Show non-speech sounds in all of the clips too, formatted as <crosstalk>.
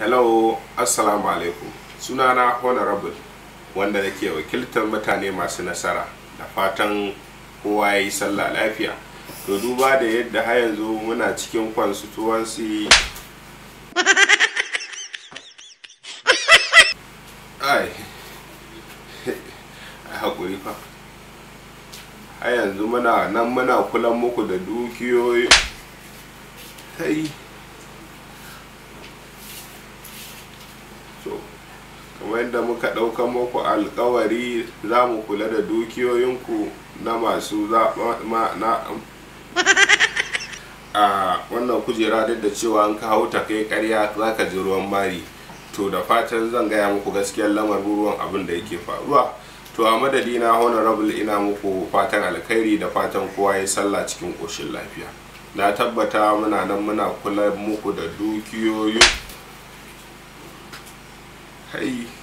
hello assalamu alaikum sunana honorable wanda nake wakiltar mutane masu nasara da fatan kowa ya yi sallah lafiya to duba da yadda har yanzu muna cikin constituency ai haƙuri fa har yanzu muna nan muna kulan muku da dukiyoyi Hey. wanda muka ɗauka muku alkawari za mu kula da dukiyoyinku na masu na a wannan kujera duk da cewa an kawo ta kai karya za ka ji ruwan mari to da fatan zan gaya muku gaskiyar lamarin ruwan abin da yake faruwa to a madadi na honorable ina muku fatan alkhairi da fatan kowa ya sallah cikin ƙoshin lafiya na tabbata muna nan muna kula muku da dukiyoyin hey.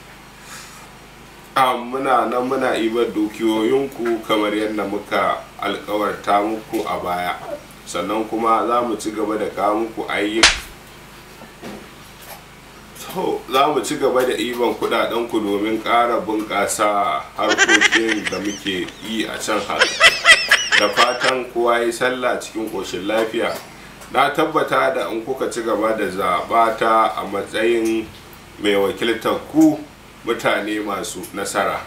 muna nan muna ibar dukiyoyinku kamar yadda muka alkawarta muku a baya sannan kuma za mu ci gaba da kawo muku ayyuka za mu ci gaba da iban ku domin ƙara bunƙasa harkokin da muke yi a can har da fatan kowa yi sallah cikin ƙoshin lafiya na tabbata da in kuka ci gaba da zaɓata a matsayin mai wakiltar ku mutane masu nasara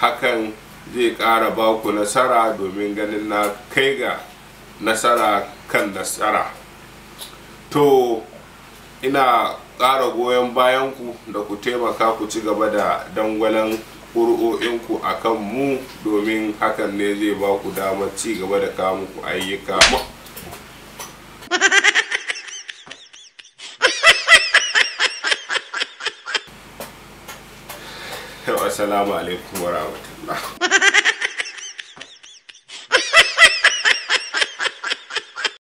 hakan zai kara baku nasara domin ganin na kai ga nasara kan nasara to ina kara goyon bayanku da ku taimaka ku ci gaba da dangwalen ƙuri'o'inku a kan mu domin hakan ne zai baku damar ci gaba da kamuku ayyuka <laughs> Assalamu alaikum wa rahmatullah.